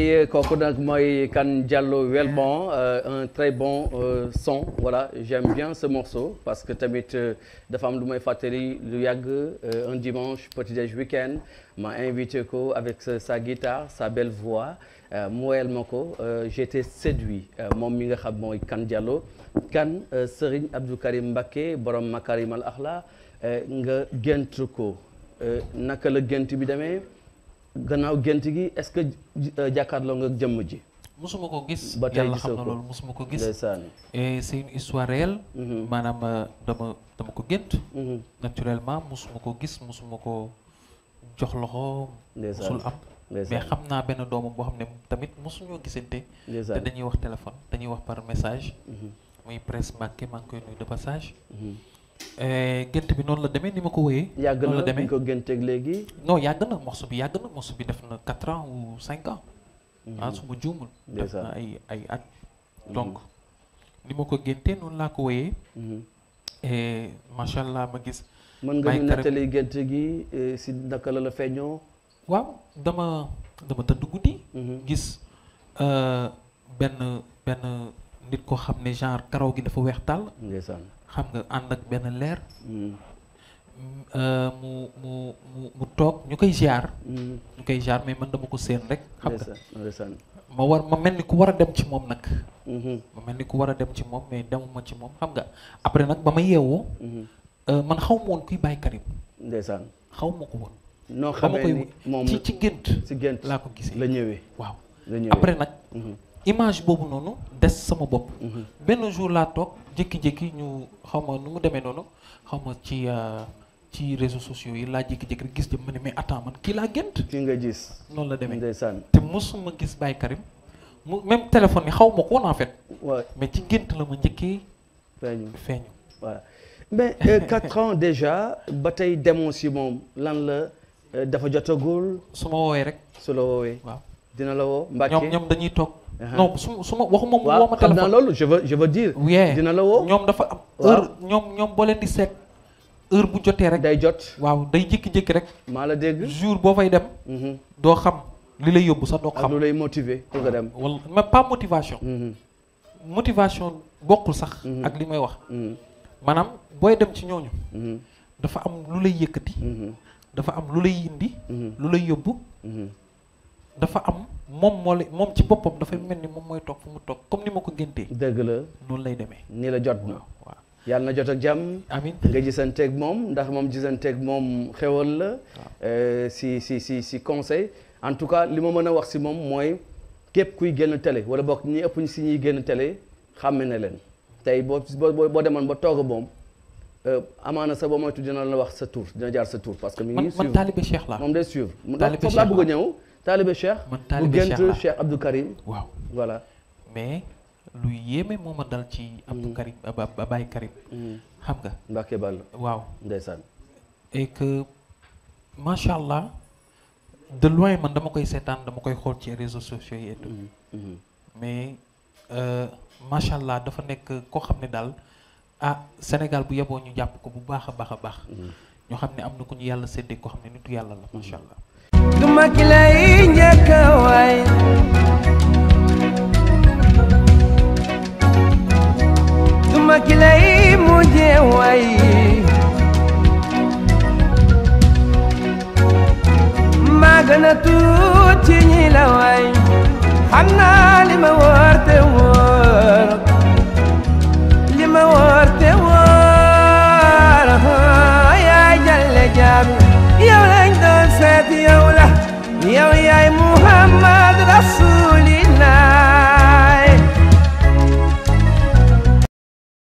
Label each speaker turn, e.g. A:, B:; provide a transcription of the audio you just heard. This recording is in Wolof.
A: Et euh, kooku nag mooy Kane Diallo Welbon euh, un très bon euh, son voilà j'aime bien ce morceau parce que tamit euh, dafa am lu may fàttali lu yàgg un dimanche petit déj week-end m'a invité ko avec sa guitare sa belle voix Moi, elle ma j'étais séduit Mon mi nga xam Diallo Kan Serigne Abdou Karim Mbacké borom al Akhla nga gént ko naka la bi demee gannaaw gént gi est ce que euh, jàkkaarloo nga jëmm ji
B: musuma ko gis yàlla xam na loolu musuma ko gis et c' une histoire réelle mm-hmm. maanaam euh, dama dama ko gént mm-hmm. naturellement musuma ko gis musuma ko jox loxo musul am mais xam naa benn doomam boo xam ne tamit musuñoo gisante te dañuy wax téléphone dañuy wax par message mm-hmm. muy presse màkke maa ngi koy nuyu de passage Eh, gént bi noonu la demee ni ma ko wëyee. yàgg na la ko
A: génteeg léegi.
B: non yàgg na morceau bi yàgg na morceau bi def na quatre ans ou cinq ans. Mhm. ah su ma juumul. def na ay ay at. Mhm. donc ni ma ko géntee noonu laa ko wëyee. Mhm. et eh, allah ma gis. mën nga ñu nettali
A: gént gi eh, si naka la la feeñoo.
B: waaw dama dama tëdd guddi. gis benn benn. nit ko xam ne genre karaw gi dafa weex tàll xam nga ànd ak benn leer mm. euh, mu mu mu mu toog ñu koy ziar mm. ñu koy ziar mais man dama ko seen rek xam nga ma war ma mel ni ku war a dem ci moom nag mm-hmm. ma mel ni ku war a dem ci moom mais demuma ci moom xam nga après nag ba ma yeewoo mm-hmm. euh, man xaw ma woon kuy bàyyi Karim xaw ma ko woon noo xamee ni moom ci gént laa ko gisee la ñëwee waaw après nag mm-hmm. image boobu noonu des sama bopp. Mhm. benn jour laa toog jékki-jékki ñu xaw ma nu mu demee noonu xaw ma ci euh, ci réseaux sociaux yi laa jékki-jékki rek gis jëm ma ne mais attends man kii laa gént. kii gis. noonu la demee ndeysaan te mosuma gis Baye Karim mu même téléphone yi xaw ko woon en fait. mais ci gént la ma njëkkee. feeñu feeñu voilà mais euh, quatre
A: ba tey demoo si moom lan la euh, dafa jotagul. su ma woowee rek. su la
B: woowee. waaw dina la woo. Mbacke ñoom ñoom dañuy toog. Uh-huh. non su su ma waxuma mu ma téléphone. xam loolu je veux je veux dire. dina la woo ñoom dafa am. heure ñoom ñoom boo leen di seet. heure bu jotee rek. day jot waaw day jékki-jékki rek. maa la dégg jour boo fay dem. Mm-hmm. doo xam li lay yóbbu sax doo xam. ak lu lay motiver pour nga dem. Ah, wala mais pas motivation. Mm-hmm. motivation bokkul sax. Mm-hmm. ak li may wax. maanaam booy dem ci ñooñu. dafa am lu lay yëkkati. dafa am lu lay indi. lu lay yóbbu. dafa am mom ci dafay ni je fu mu comme ni mako que je la lay démé ni la jot na jot ak jam je nga ak mom
A: ndax ak mom xewal la euh, si si si si conseil en tout cas li mo meuna wax si mom moy képp kuy génn télé wala bok ñi ëpp si génn télé xamé na leen tay bo bo sa wax sa tour dina jaar sa tour parce que mi suivre taalibe Cheikh. man taalibe Cheikh bu Cheikh Abdou Karim. waaw
B: voilà. mais lu yéeme moma dal ci. Abdou mm. Karim Baye Karim. Mm. xam nga. Mbacke Ball. waaw ndeysaan. et que machallah de loin man dama koy sétane dama koy xol ci réseaux sociaux et tout. Mm, mm-hmm. mais euh machallah dafa nek ko xamné dal ah Sénégal bu yabo ñu japp ko bu baaxa baaxa baax ñu xamné amna ko ñu yalla séddee ko xamné nitu yalla la macha mm-hmm. allah.
A: away tuma ki lay mujjee way maa ci ñi la way li ma wóor te wóor li ma wóor te wóor yaa jàlle jaam yow